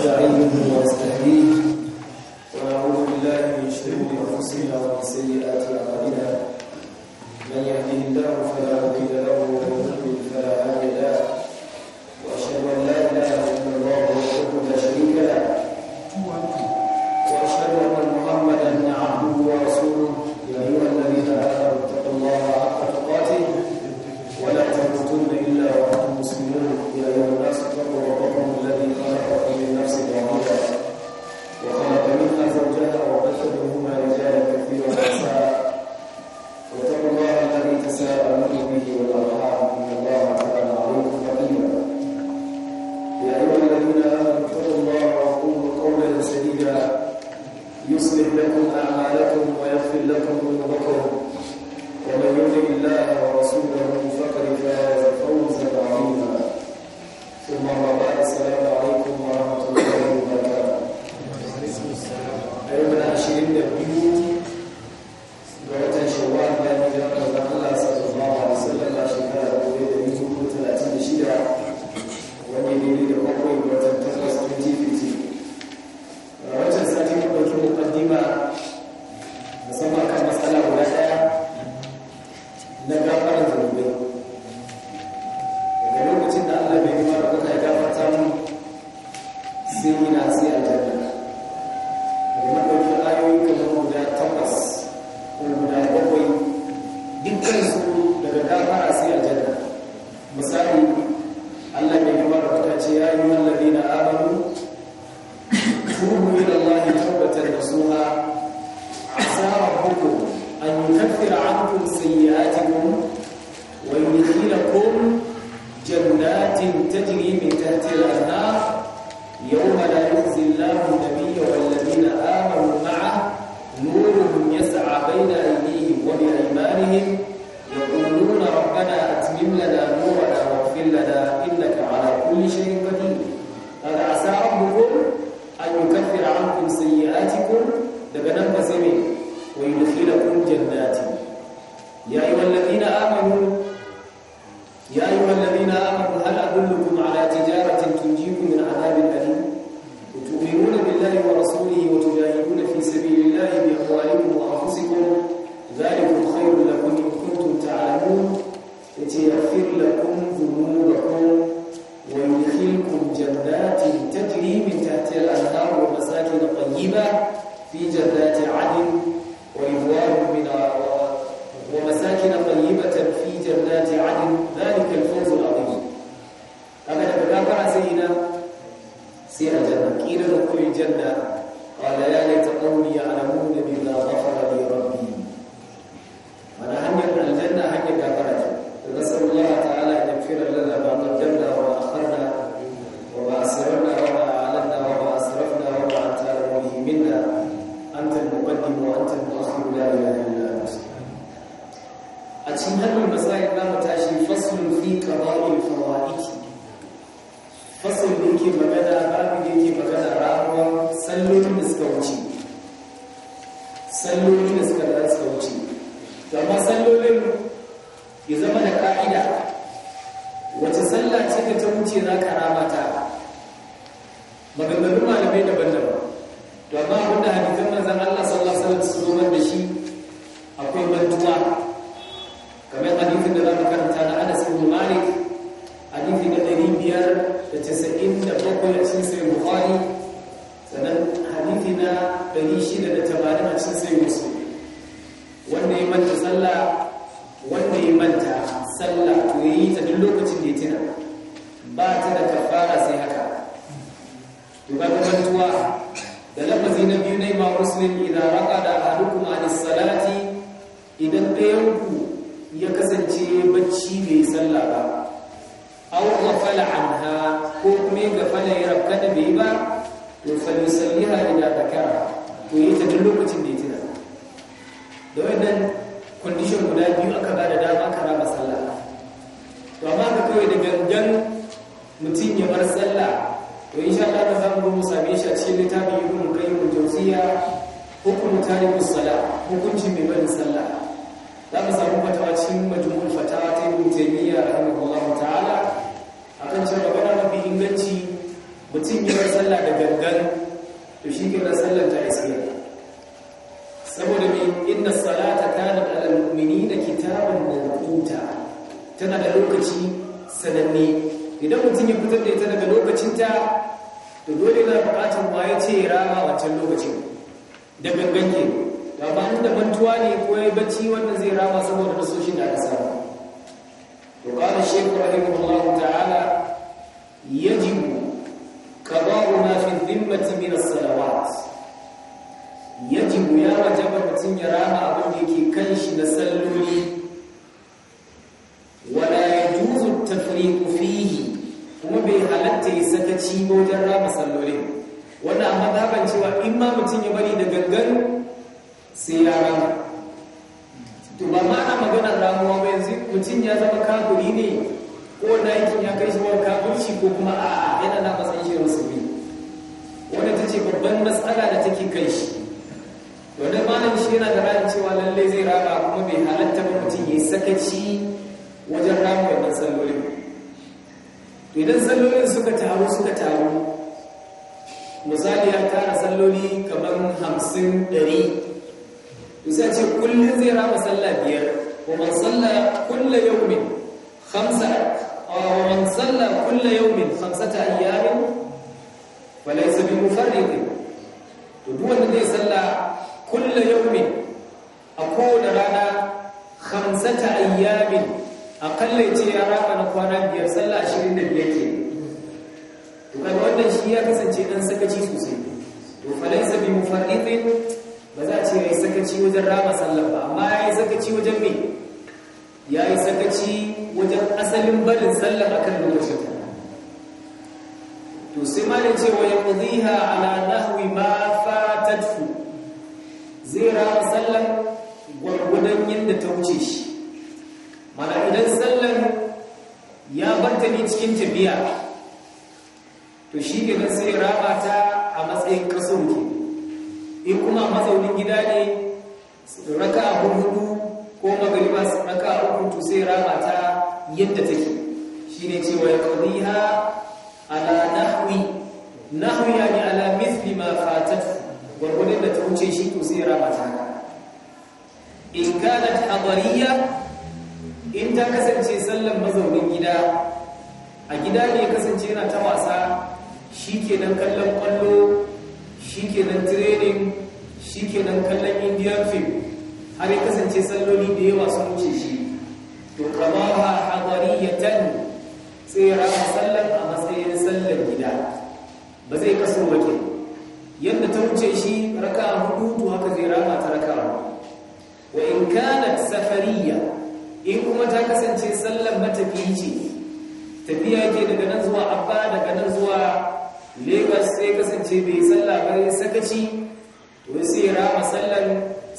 ونستعينه ونستهديه ونعوذ بالله من شرور انفسنا ومن سيئات اعمالنا لكم جنات يا أيها الذين آمنوا suka wuce sallolin da suka da suka wuce to amma sallolin ya zama da ka'ida wace sallah ce ka ta wuce za ka ramata maganganu malamai daban-daban tarikus sala hukuncin mai barin sallah za mu samu fatawa cikin majmu'ul fatawa ta ibn taymiya rahimahullahu ta'ala akan cewa bana mafi inganci mutum yi sallah da gangan to shi ke sallar ta iske saboda me inna salata kanat alal mu'minina kitaban mawquta tana da lokaci sananne idan mutum ya fitar da ita daga ta to dole na buƙatar ma ya ce rama wancan lokacin da ganganke da ba da mantuwa ne ko ya bacci wanda zai rama saboda nasoshin da aka samu to qala shaykh rahimahullah ta'ala yajib qada'u ma fi dhimmati min as-salawat yajib ya wajaba mutun ya rama abin da yake kan shi na salloli wala ya at-tafriqu fihi kuma bai halatta ya sakaci wajen rama sallolin wannan a mazhaban cewa in ma mutum ya bari da gangan sai ya rama to ba ma ana magana ramuwa ba yanzu mutum ya zama kaguri ne ko na yake ya kai shi wani ko kuma a'a yana na matsayin shi musulmi wanda ta ce babban matsala da take kai shi wannan malam shi yana da ra'ayin cewa lallai zai rama kuma bai halatta ba mutum ya sakaci wajen ramuwa matsaloli. sallolin idan sallolin suka taru suka taru misali ya tara salloli kamar hamsin ɗari isa ce kullum zai rama salla biyar kuman salla kulla yau min hamsa kuman salla kulla yau min hamsa ta yayin wale sabi zai salla kulla yau min a kowane rana hamsa ayyamin. yayin aƙalla ce ya rama na kwana biyar salla ashirin da biyar ke to wannan shi ya kasance dan sakaci sosai to falaysa bi mufarridin ba za a ce yayi sakaci wajen rama sallah ba amma yayi sakaci wajen me yayi sakaci wajen asalin barin sallah akan lokacin to sai malin cewa ya qadhiha ala nahwi ma fatatfu zai rama sallar gwargwadon yadda ta wuce shi mana idan sallar ya barta ne cikin tafiya to shi ne na sai raba ta a matsayin kaso ke in kuma mazaunin gida ne raka a hudu ko magariba raka a uku to sai raba ta yadda take shi ne cewa ya ha ala nahwi nahwi ya ne ala mithli ma fatat gwargwadon da ta wuce shi to sai raba ta in kanat hadariya in ta kasance sallan mazaunin gida a gida ne kasance yana ta wasa shi nan kallon kwallo shi nan training shi nan kallon indian film har ya kasance salloli da yawa sun wuce shi to kamaha hadariyatan sai ya rama sallar a matsayin sallar gida ba zai kaso ba yadda ta wuce shi raka a hudu to haka zai rama ta raka wa in kana safariya in kuma ta kasance sallar matafiyi ce tafiya ke daga nan zuwa abba daga nan zuwa lagos sai kasance bai sallah ba ya sakaci to sai ya rama sallan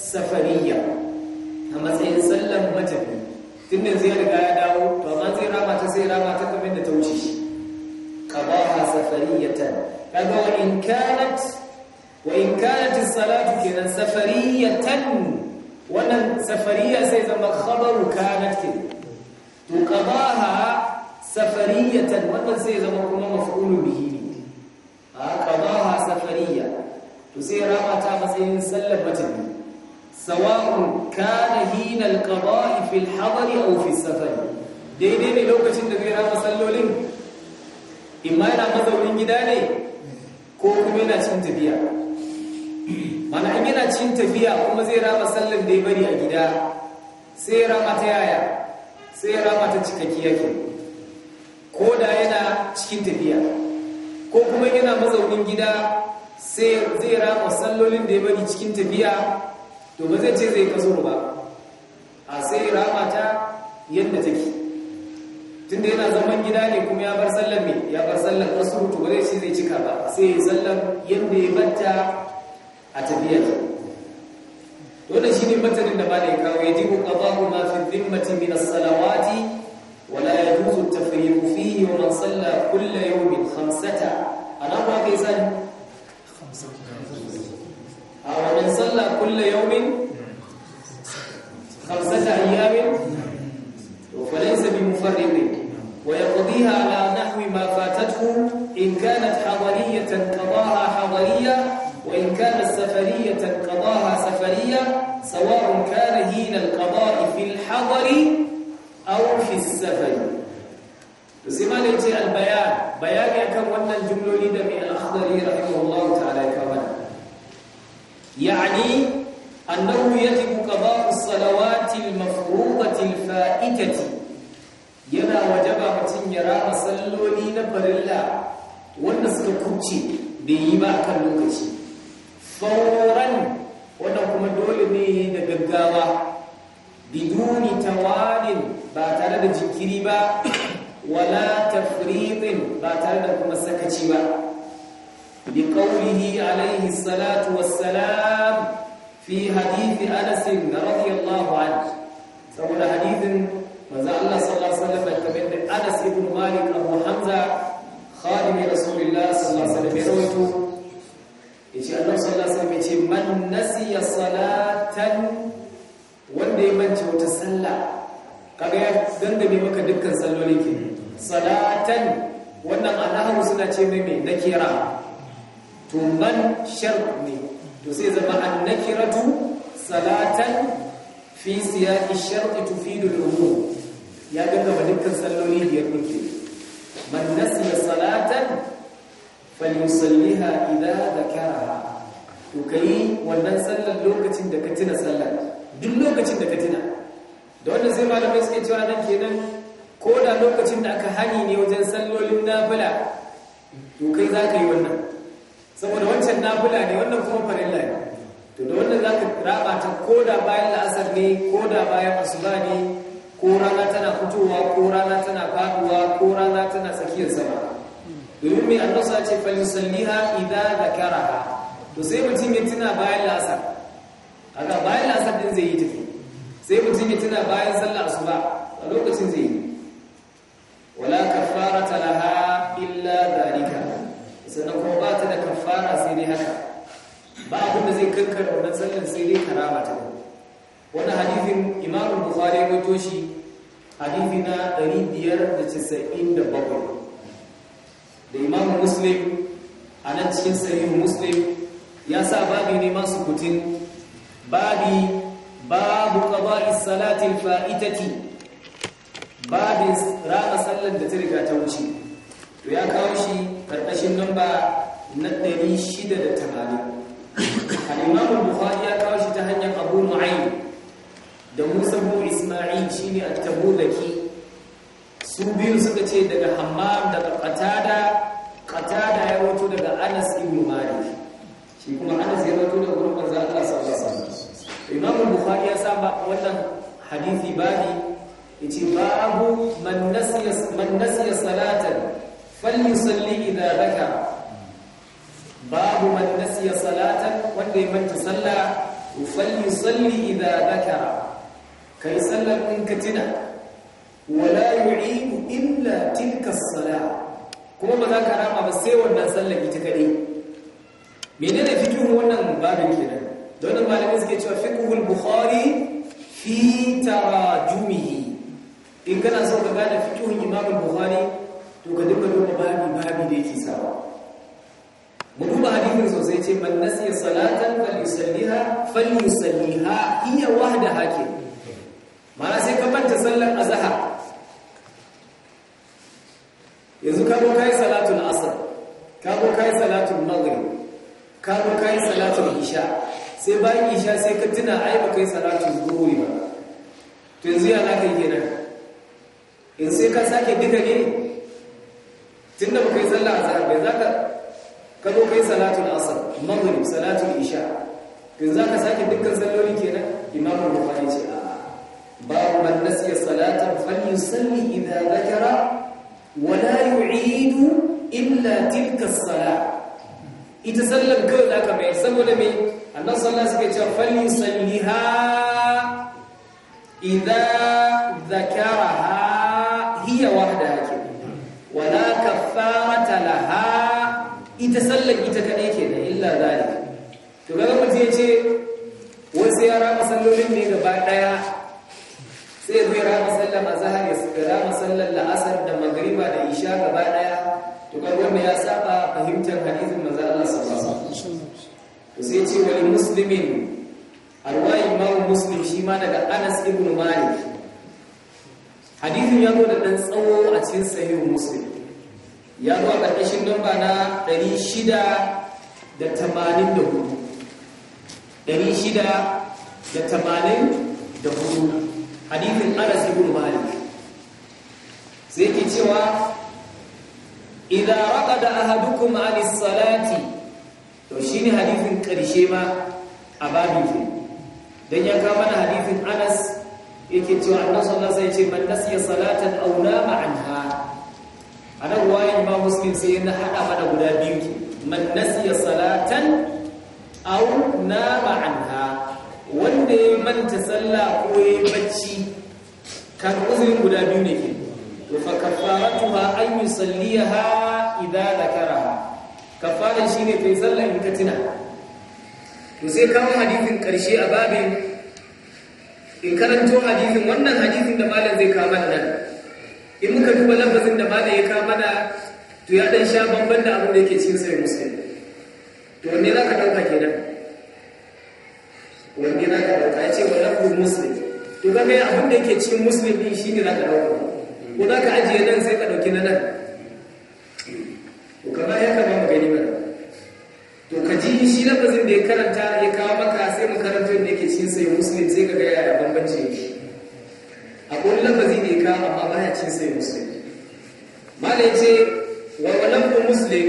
safariya a matsayin sallan matafi tun da zai riga ya dawo to amma zai rama ta sai rama ta kamar da ta wuce shi qabaha safariyatan kaga wa in kanat wa in kanat as-salatu kenan safariyatan wannan safariya sai zama khabaru kanat kenan to qabaha safariyatan wannan sai zama kuma maf'ulun bihi to sai raba ta matsayin sallar matafi sawa'un kana hina alqada'i fil hadari aw fi safar daidai ne lokacin da zai raba sallolin imma yana mazaunin gida ne ko kuma yana cin tafiya mana in yana cin tafiya kuma zai raba sallar da ya bari a gida sai raba ta yaya sai raba ta cikakkiya ke ko da yana cikin tafiya ko kuma yana mazaunin gida sai zai rama sallolin da ya bari cikin tafiya to ba zai ce zai kasuru ba a sai rama ta yadda take tunda yana zaman gida ne kuma ya bar sallar me ya bar sallar kasuru to ba zai ce zai cika ba sai ya sallar yadda ya batta a tafiya dole ne matanin da ba da ya kawo yajibu qada'u ma fi dhimmati min as-salawati man يجوز التفريق yau min hamsata, a nan ba ka yi sani a wannan sallah kulle yaumin rasulullah sallallahu alaihi wasallam rawaito yace Allah sallallahu alaihi wasallam yace man nasiya salatan wanda ya manta wata sallah kaga ya dangane maka dukkan sallolin ki salatan wannan annahu suna ce mai me nakira to man shar ne to sai zama annakiratu salatan fi siyaqi shar'i tufidu al-umur ya dangane dukkan salloli biyar ɗin man nasiya salatan falyusalliha idza zakaraha to kai wannan sallar lokacin da ka tuna sallar duk lokacin da ka tuna da wannan sai malamai suke cewa nan kenan ko da lokacin da aka hani ne wajen sallolin nafila to kai za ka yi wannan saboda wancan nafila ne wannan kuma farilla ne to da wannan za ka raba ta ko da bayan la'asar ne ko da bayan asuba ne ko rana tana fitowa ko rana tana faduwa ko rana tana tsakiyar sama domin mai annasa ce falisalliha idan ha to sai mutum ya tuna bayan lasar haka bayan lasar din zai yi tafi sai mutum ya tuna bayan sallar ba a lokacin zai yi wala ta laha illa zalika sannan kuma ba ta da kafara sai dai haka ba abin da zai kankar wannan sallar sai dai karama ta wannan hadithin imamu buhari ya gato shi hadithi na 597 da imamu muslim a nan cikin sahihu muslim ya sa babi ne masu kutin babi babu qada'i salatin fa'itati babin Rana sallar da ta riga ta wuce to ya kawo shi karkashin namba na 680 A imam bukhari ya kawo shi ta hanyar abu nu'aym da musa bu isma'il shine at-tabuzaki su biyu suka ce daga hammam daga qatada qatada ya wato daga anas ibn malik shi kuma anas ya wato daga gurbin manzo Allah sallallahu alaihi wasallam imam bukhari ya saba wannan hadisi babi yace babu man nasiya man nasiya salatan falyusalli idha dhakara babu man nasiya salatan wanda ya manta sallah falyusalli idha dhakara kai sallar in ka tuna wala yu'idu illa tilka as kuma ba za ka rama ba sai wannan sallar ita kadai menene fiqhun wannan babin kenan don nan malamin suke cewa fiqhul bukhari fi tarajumihi in kana so ka gane fiqhun imam bukhari to ka dinga duba babi babi da yake sawa mu duba hadisin sosai ce man nasiya salatan falyusalliha falyusalliha iya wahda hake. ma'ana sai ka manta sallar azhar yanzu ka zo kai salatul asr ka zo kai salatul maghrib ka zo kai salatul isha sai bayan isha sai ka tuna ai ba kai salatul zuhri ba to yanzu ya za yi kenan yanzu sai ka sake duka ne Tun da ba kai sallah azhar ba za ka ka zo kai salatul asr maghrib salatul isha yanzu za ka sake dukkan salloli kenan imamu bukhari ce a babu man nasiya salatan falyusalli idza dhakara wala yu'idu illa tilka as ita sallar kawai za ka mai saboda mai annan sallar suka ce falin salliha idan zakara ha hiya wahda ake wala kaffarata laha ita sallar ita kadai ke da illa zalika to kaga mutum ya ce wasu yara masallolin ne gaba daya sai ya zo ya sallar zahar ya rama masallar la'asar da magriba da isha gaba daya to kai wanda ya saba fahimtar hadisin manzo Allah sallallahu alaihi wasallam to sai ce wa muslimin arwai imam muslim shi ma daga Anas ibn Malik hadisin ya zo da dan tsawo a cikin sahih muslim ya zo a ƙarƙashin namba na 684 684 hadithin anas ibn malik sai ke cewa idza raqada ahadukum an salati to shine hadithin karshe ma a babin dan ya kama mana hadithin anas yake cewa annabi sallallahu alaihi wasallam sai ce man nasiya salatan aw nama anha ana ruwayan imam muslim sai yana hada mana guda biyu man nasiya salatan aw nama anha wanda ya manta sallah ko ya bacci kan uzurin guda biyu ne ke to fa kafaratuha an yusalliha idza zakaraha kafara shine kai sallah in ka tuna to sai kawo hadisin karshe a babin in karanto hadisin wannan hadisin da malam zai kawo mana nan in muka duba lafazin da malam ya kawo mana to ya dan sha bamban da abin da yake cikin sai muslim to ne za ka dauka kenan wanne na ka dauka ya ce wa lafu muslim to kaga abin da yake cikin muslim din ne na ka dauka ko za ka ajiye nan sai ka ɗauki na nan to kaga ya kama mu gani mana to ka ji shi lafazin da ya karanta ya kawo maka sai mu karanta da yake cin sai muslim sai ka kaga ya bambanci yake akwai lafazi da ya kawo amma baya cikin sai muslim mala ya ce wa lafu muslim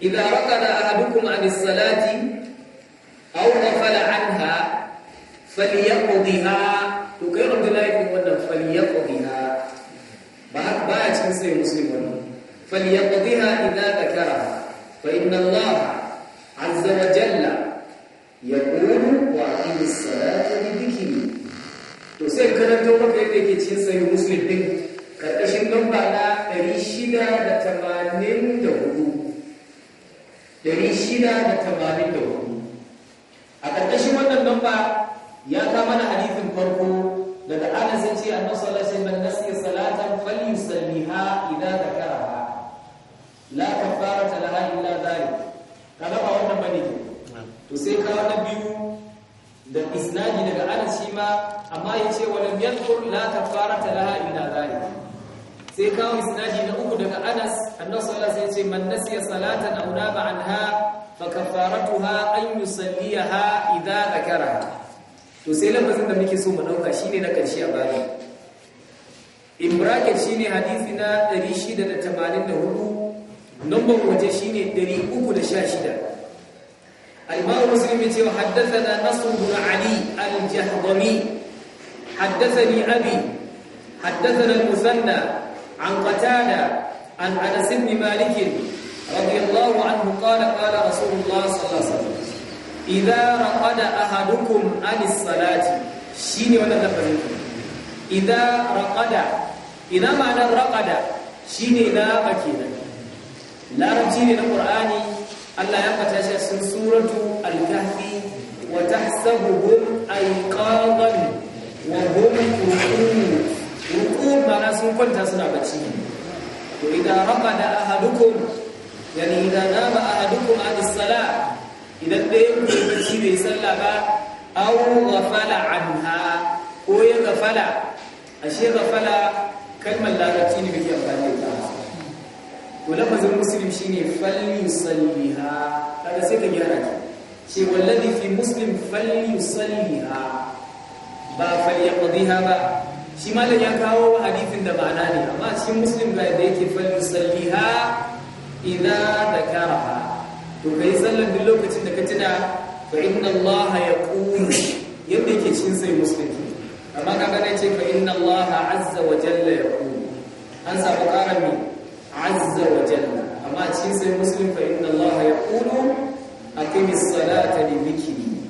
idan raqada ahadukum an as-salati aw ghafala anha falyaqdiha to kai rubuta laifin wannan falyaqdiha ba ba a cikin sai muslim wannan falyaqdiha idza dhakara fa inna Allah azza wa jalla yaqulu wa aqimis salata li dhikri to sai karanto maka yadda yake cikin sai muslim din karkashin a ƙarƙashin wannan lamba ya kama na hadithin farko daga anas ya ce annabi sallallahu alaihi wasallam nasiya salatan falyusalliha idza dhakaraha la kafarata laha illa dhalik kaga ba wannan bane to sai ka na biyu da isnadi daga anas shi ma amma ya ce wa walam yadhkur la kafarata laha illa dhalik sai kawo isnadi na uku daga anas annabi sallallahu alaihi wasallam nasiya salatan aw naba anha فكفارتها أن يصليها إذا ذكرها وسيلم بزن da muke so mu dauka shine na karshe a bari in bracket shine hadisi na 684 number waje shine 316 al-Imam Muslim yace wa haddathana Nasr ibn Ali al-Jahdami haddathani abi haddathana al-Musanna an Qatada an Anas ibn Malik رضي الله عنه قال قال رسول الله صلى الله عليه وسلم إذا رقد أحدكم عن الصلاة شيني ولا لفظين إذا رقد إذا معنى رقد شيني إذا بكينا لا رجيني القرآن الله يقتش سورة الكهف وتحسبهم أيقاظا وهم رقود رقود معنى سنكون تسنع بكينا وإذا رقد أحدكم yani idan nama ahadukum an as-salah idan ɗayan ku bacci bai sallah ba aw ghafala anha ko ya ghafala ashe ghafala kalmar larabci ne muke amfani da ita to lafazin muslim shine salliha. Kada sai ka gyara ta ce wallazi fi muslim salliha. ba falyaqdiha ba shi malam ya kawo hadithin da ma'ana ne amma shi muslim ga da yake salliha. idza zakaraha to kai sallan duk lokacin da ka tuna fa inna Allah yaqulu yadda yake cikin sai musulunci. amma kaga ne ce fa inna Allah azza wa jalla yaqulu an samu karami azza wa jalla amma cikin sai musulunci fa inna Allah yaqulu aqimi salata li dhikri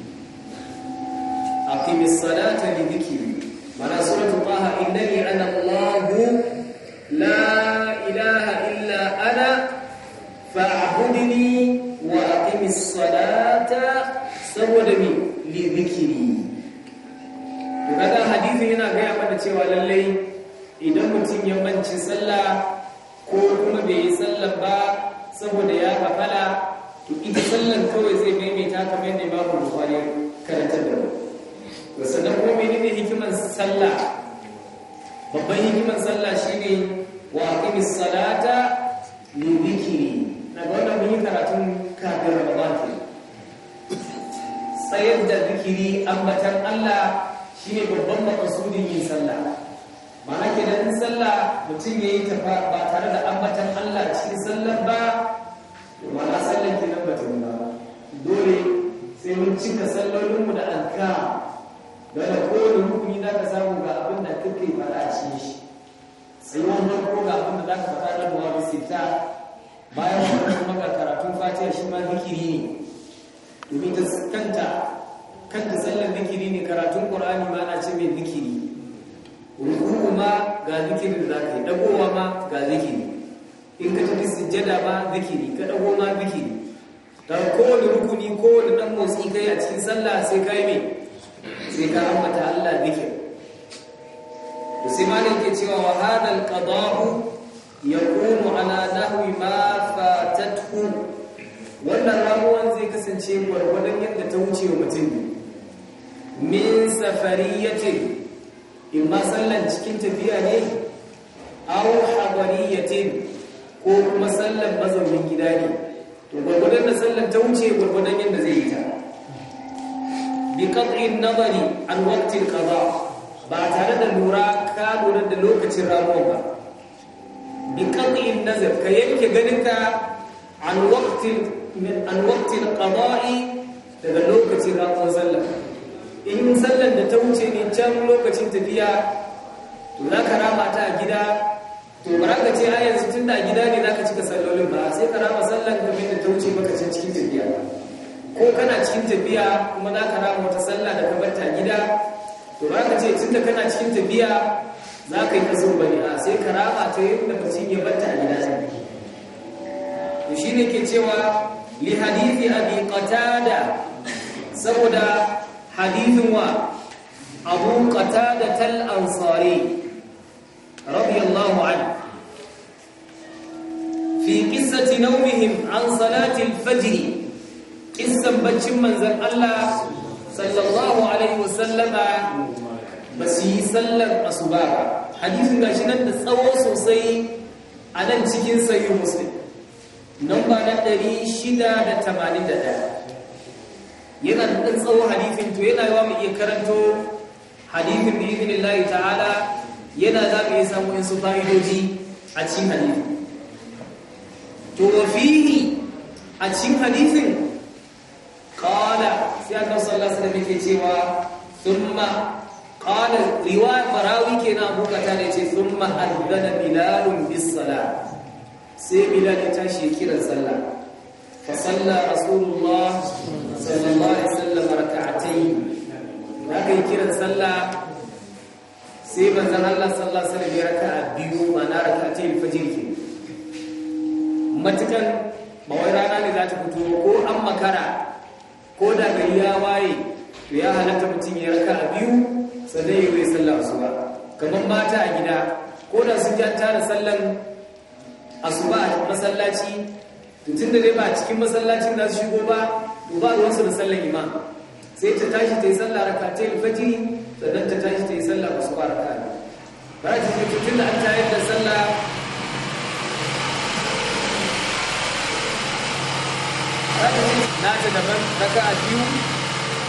aqimi salata li dhikri mana suratu taha innani ana Allahu saboda mi li zikiri to kada hadisi yana gaya mana cewa lallai idan mutum ya manci sallah ko kuma bai yi sallah ba saboda ya kafala to ita sallar kawai zai maimaita kamar yadda ku bukhari karantar da mu to sannan kuma menene hikiman sallah babban hikiman sallah shine wa aqimi salata li dhikri na ga wannan mun yi karatun kafin ramadan tsayar da zikiri ambatan Allah shi ne babban makasudin yin sallah ma'ana kenan in sallah mutum ya yi tafa ba tare da ambatan Allah cikin sallar ba ma'ana sallar kenan ba ba dole sai mun cika sallolinmu da alka da da kowane rukuni za ka samu ga abin da kake fara a cikin shi tsayuwar ko ga abin da za ka faɗa na duwa bayan kuma karatun fatiha shi ma zikiri ne domin ta kanta kanta sallar zikiri ne karatun ƙorani ma na ce mai zikiri ruku'u ma ga zikirin za ka yi ɗagowa ma ga zikiri in ka tafi sujjada ma zikiri ka dago ma zikiri da kowane rukuni kowane ɗan motsi kai a cikin sallah sai ka yi mai sai ka ambata Allah zikiri da sai malam ke cewa wa hadal qada'u yaqumu ala nahwi ma fatathu wannan ramuwan zai kasance gwargwadon yadda ta wuce wa mutum min safariyatin in ma sallan cikin tafiya ne aw hadariyatin ko kuma sallan mazaunin gida ne to gwargwadon da sallan ta wuce gwargwadon yadda zai yi ta bi qat'in nazari an waqtil qada ba tare da lura ka lura da lokacin ramuwa ba bi qat'in nazar ka yanke ganinka an waqtil an waqtil qada'i daga lokacin ranar sallah in sallan da ta wuce ne can lokacin tafiya to za ka rama ta a gida to ba ka ce a yanzu tun da a gida ne za ka cika sallolin ba sai ka rama sallar kamar da ta wuce maka can cikin tafiya ko kana cikin tafiya kuma za ka rama wata sallah da ka kamar ta gida to ba ka ce tun da kana cikin tafiya za ka yi kasan ba ne a sai ka rama ta yadda mutum ya bar ta gida to shi ne ke cewa li hadithi abi qatada saboda hadithin wa abu qatada tal ansari radiyallahu anhu fi qissati nawmihim an salati al-fajr kissan baccin manzon Allah sallallahu alaihi wasallama ba su yi sallar asuba ba hadisin gashi nan da tsawo sosai a nan cikin sayyid muslim namba na ɗari. yana da ɗan tsawo hadifin to yana yawa mu iya karanto hadifin da izinin layi ta'ala yana za mu iya samu yin su fa'idoji a cikin hadifin to wafihi a cikin hadifin kala sai an nasu Allah su da muke cewa thumma kala riwa farawi kenan bukata ne ce thumma addana bilalun bis salat sai bilal ya tashi ya sallah fa salla rasulullah sallallahu alaihi wasallam rak'atayn haka yi kiran sallah sai manzon Allah sallallahu alaihi wasallam ya raka'a biyu mana rak'atayn fajr ke Matakan, ba wai rana ne za ta fito ko an makara ko da gari ya waye to ya halatta mutum ya raka'a biyu sannan ya yi sallah su ba kamar mata a gida ko da sun ja tara sallan asuba a masallaci tun da dai ba cikin masallacin da su shigo ba to ba ruwansu da sallan ima sai ta tashi ta yi sallah rakata yi fati sannan ta tashi ta yi sallah asuba rakata ba a cikin tun da an tayar da sallah na ta daban a biyu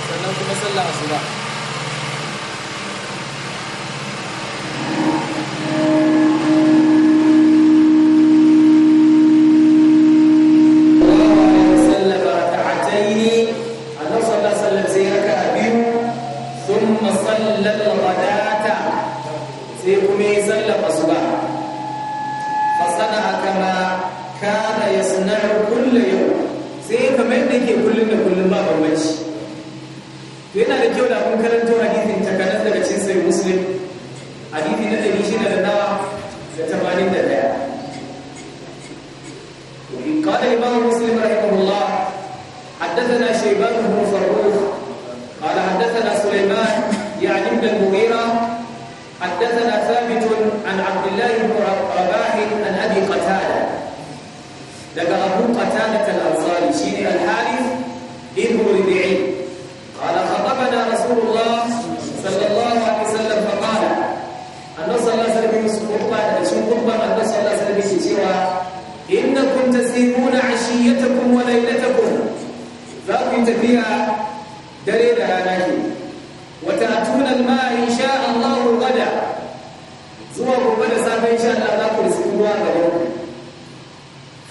sannan kuma sallah ba.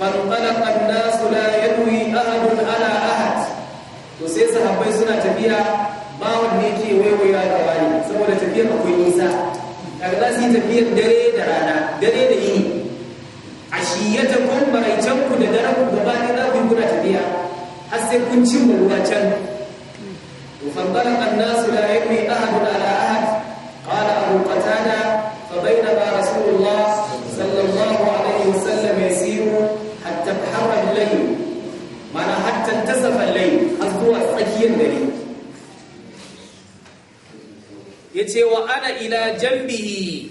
فانطلق الناس لا يروي احد على احد to sai sahabbai suna tafiya ba wanda yake wayo ya rawaye saboda tafiya nisa yi tafiya dare da rana dare da yini ashiyatakum maraitanku da ku tafiya har sai kun ci annasu cewa ana ila jambihi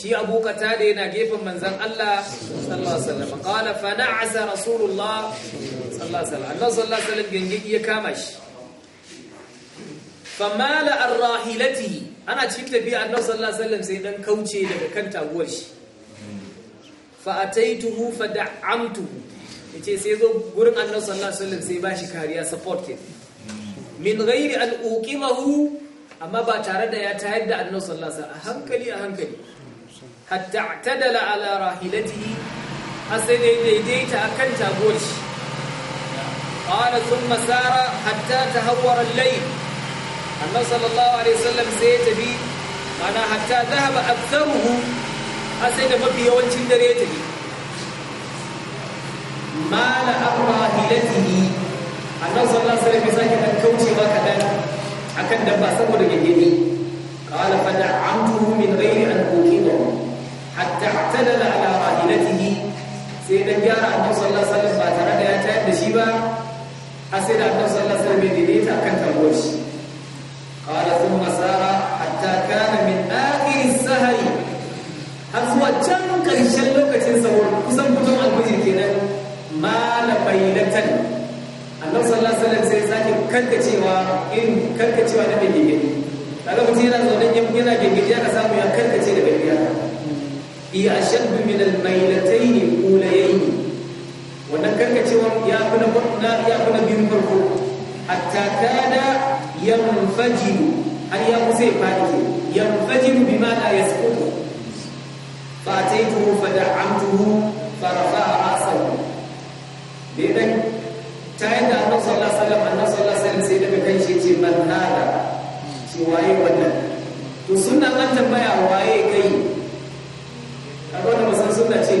shi abu da yana gefen manzan Allah sallallahu alaihi wasallam qala fa rasulullah sallallahu alaihi wasallam sallallahu alaihi ya kama shi famala arrahilatihi ana cikin tafiya a sallallahu alaihi wasallam sai dan kauce daga kan taguwar shi fa ataituhu fa da'amtuhu yace sai zo gurin Allah sallallahu alaihi wasallam sai bashi kariya support ke min ghairi an uqimahu amma ba tare da ya tayar da annabi sallasa, alaihi wasallam a hankali a hankali hatta tadala ala rahilatihi asai dai daidaita akan tagoci qala sun masara, hatta ta al-layl annabi sallallahu alaihi wasallam sai ya tafi ana hatta dhahaba aktharuhu asai da mafi yawancin dare ya tafi mala arrahilatihi annabi sallallahu alaihi wasallam sai ya kauce ba kaɗan. akan dabba saboda gaggini kala fada amtuhu min ghairi an ukidu hatta atadala ala rahilatihi sai dan gyara annabi sallallahu alaihi wasallam ba tare da ya tayar da shi ba a sai da annabi sallallahu alaihi wasallam ya dinita kan tabbar shi kala thumma sara hatta kana min akhir sahari har zuwa can karshen lokacin sahur kusan fitan alfajir kenan ma la bayyinatan annabi sallallahu alaihi wasallam sai zaki kanka cewa in kanka cewa da bai gidi kaga mutum yana zaune yana gidi aka samu ya kanka da bai gidi bi ashad min al maylatayn ulayayn wannan kanka cewa ya fi na ya fi na biyun farko hatta kana yanfajiru har ya kusa ya fadi yanfajiru bima la yasqutu fa ataytuhu fa da'amtuhu fa rafa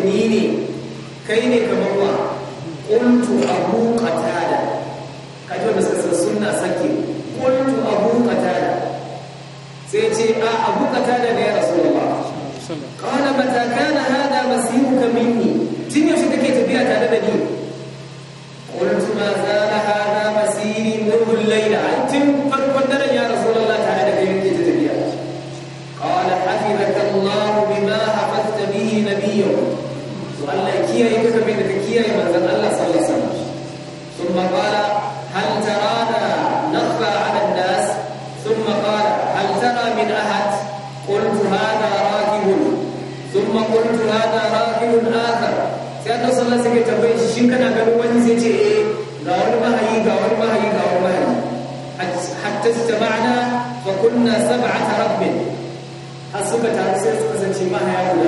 ni ne kai ne kamar wa qultu abu completar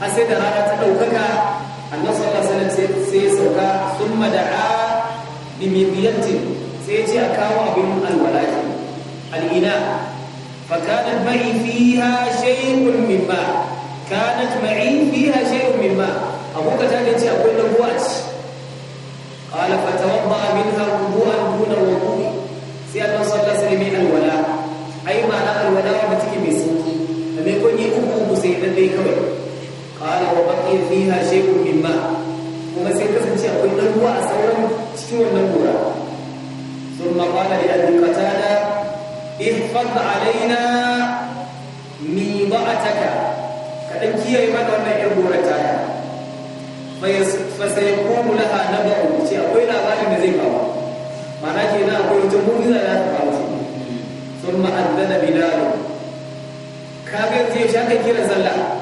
har sai da rana ta ɗaukaka annan sallar sallar sai ya sauka sun mada'a bimibiyantin sai ya a kawo abin alwalaki al'ina fakana mai fiha shaikun min ba kana mai fiha shaikun min ba abuka ta ce akwai na buwaci kala fatawan ba min harubu a nuna wuku sai annan sallar sai mai alwala ai ma na alwala wa mutum mai sauki da mai kwanye uku uku sai dai kawai qala wa baqiya fiha shay'un min ma kuma sai kasance akwai dan ruwa a sauran cikin wannan gora thumma qala li abi qatada ihfaz alaina mibataka ka dan kiyaye mana ya yar gora ta fa sayqumu laha nabu ce akwai labarin da zai faru mana kenan akwai wata mu'jiza da ta faru thumma adana bilal kiran sallah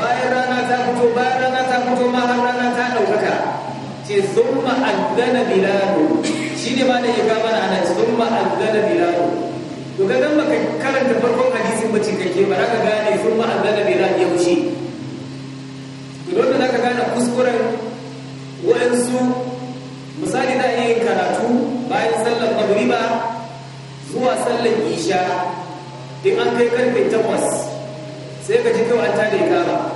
bayan rana ta fito bayan rana ta fito ma har rana ta ɗaukaka ce sun ma'addana bilalo shi ne ma da ya gama na ana sun ma'addana bilalo to ga nan baka karanta farkon hadisin bace cikakke ba ka gane sun ma'addana bilalo ya wuce to don da zaka gane kuskuren wa'ansu misali za a yin karatu bayan sallar magriba zuwa sallar isha in an kai karfe takwas sai ka ji kawai an tada ya kama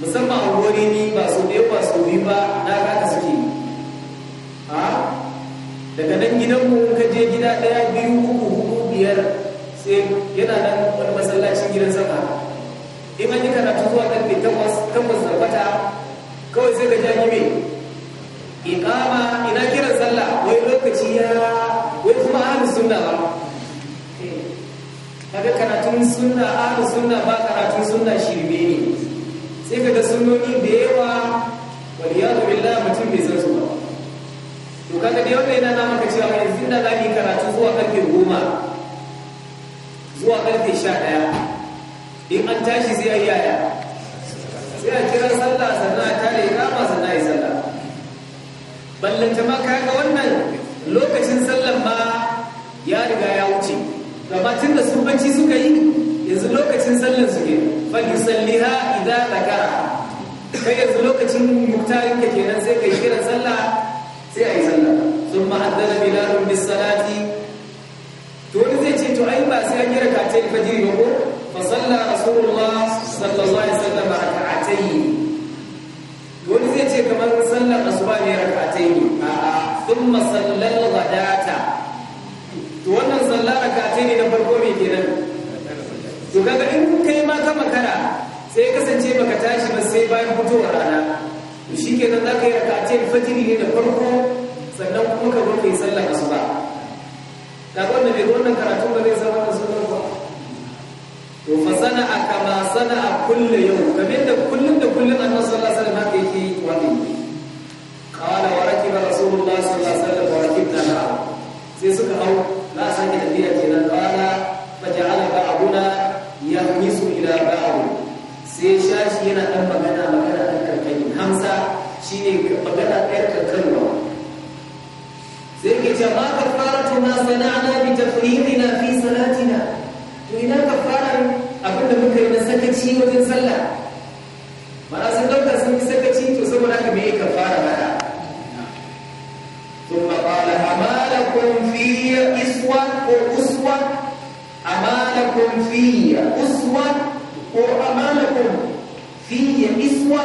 musamman a wuri ne ba sau da ba sau biyu ba na kaka suke ha daga nan gidan ku ka je gida ɗaya biyu uku hudu biyar sai yana nan wani masallacin gidan sama in an yi karatu zuwa karfe takwas takwas da kwata kawai sai ka ja ni mai iqama ina kiran sallah wai lokaci ya wai kuma ahlus sunna ba eh, kaga karatun sunna ahlus sunna ba karatun sunna shirme ne sai ka ga sunnoni da yawa wal yadu billah mutum bai san su ba to kaga dai wannan yana maka cewa yanzu da za yi karatu zuwa karfe goma zuwa karfe sha ɗaya in an tashi sai a yi yaya sai a kira sallah sannan a tare kama sannan a yi sallah ballanta ma ga wannan lokacin sallan ma ya riga ya wuce gaba tun da sun bacci suka yi yanzu lokacin sallar su ne salli salliha idan zakara kai yanzu lokacin muktarin ka kenan sai ka yi kiran sallah sai yi sallah sun ma'addana bilalun bis salati to wani zai ce to ai ba sai an yi rakatai fajiri ba ko fa salla rasulullah sallallahu alaihi wasallam rakatai wani zai ce kamar sallar asuba ne rakatai ne a'a thumma sallal ghadata to wannan sallar rakatai ne na farko me kenan to kaga in kai ma ka makara sai kasance baka tashi ba sai bayan fitowar rana to shikenan zaka yi kace fajiri ne da farko sannan kuma ka zo kai sallar asuba ta wanda bai wannan karatu ba zai zama da sunan ba to fa sana kama sana kullu yau kamar da kullun da kullun annabi sallallahu alaihi wasallam haka yake wani قال وركب رسول الله صلى الله عليه وسلم وركبنا معه sai suka hau na sake tafiya kenan ba sai shashi yana ɗan magana magana ɗan karkani hamsa shi ne magana ɗayar karkarwa sai ke ce ma kafaratu ma sana'ana bi tafridina fi salatina to ina kafara abin da muka yi na sakaci wajen sallah mana sun ɗauka sun yi sakaci to saboda haka me ka fara mana ثم قال أما لكم في إسوة أو أسوة أما لكم فيه في نسوة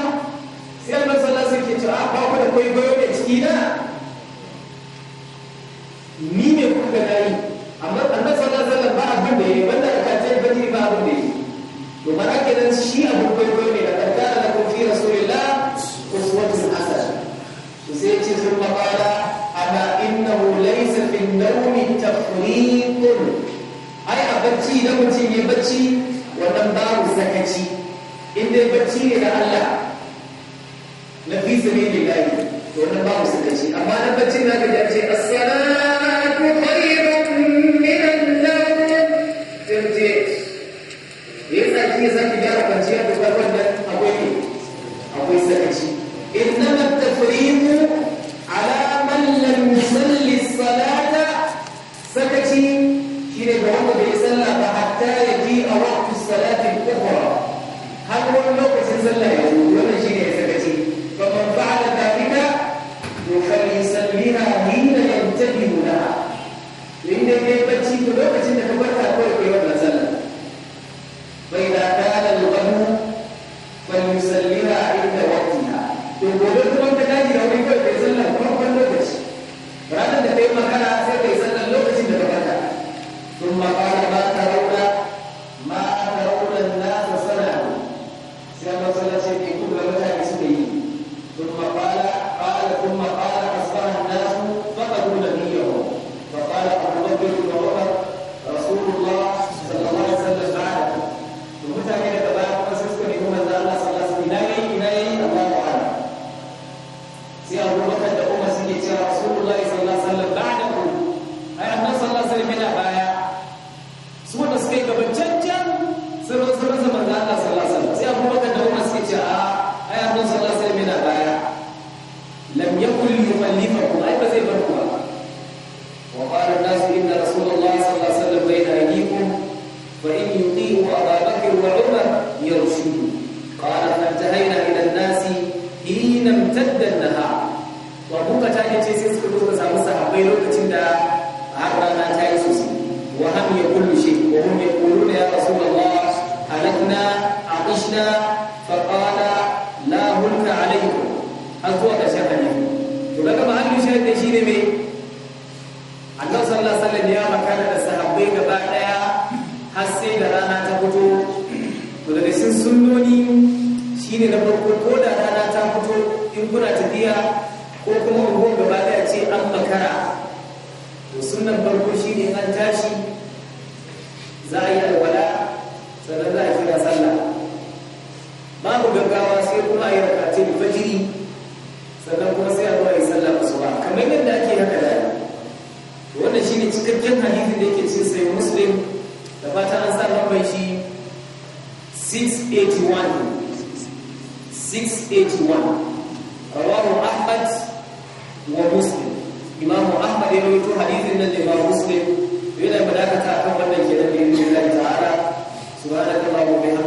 lam yakul yukallifakum ai ba zai bar ku ba wa qala an-nas inna rasulullahi sallallahu alaihi wasallam bayna aydikum fa in yuti'u Abu Bakr wa Umar yarshudu qala fantahayna ila an-nas hina imtadda an-nahar wa buka ta ce sai suka zo suka samu sahabbai lokacin da har rana ta yi sosai wa ham yakul shay ya da shi ne mai annan sallar ya makana da sahabbai gaba daya har sai da rana ta fito to da sun sunnoni shi ne na farko ko da rana ta fito in kuna tafiya ko kuma ruwan gaba daya ce an makara to sunan farko shi ne an tashi za a yi rawahu ahmad wa muslim imamu ahmad ya rawaito hadisin nan da imamu muslim yana madakata akan wannan kenan da yin lillahi ta'ala subhanallahi wa bihamdihi